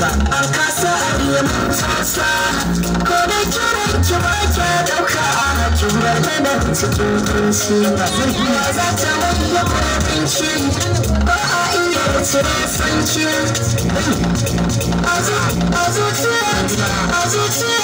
ba an kasa a neman tsasa ko da kira ki ba ke dauka a hakin barna cikin kunci ba za ta wanda kwatin ba a iya wuce san ki a zuciya a zuciya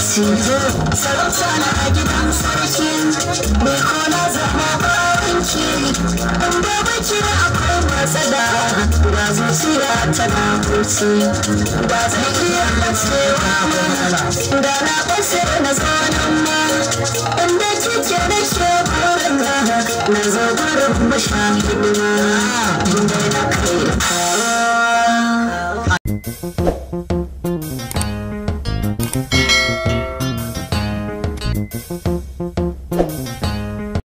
sije sarauta na gidan sarki bai kona zama bawanki in babu kira akwai matsala ga zuciya tana hutu ba zai iya matsewa ba da na ɓace na zanen ma inda kike da shekarun na zo gurin mashahidu ma inda kai Thank you.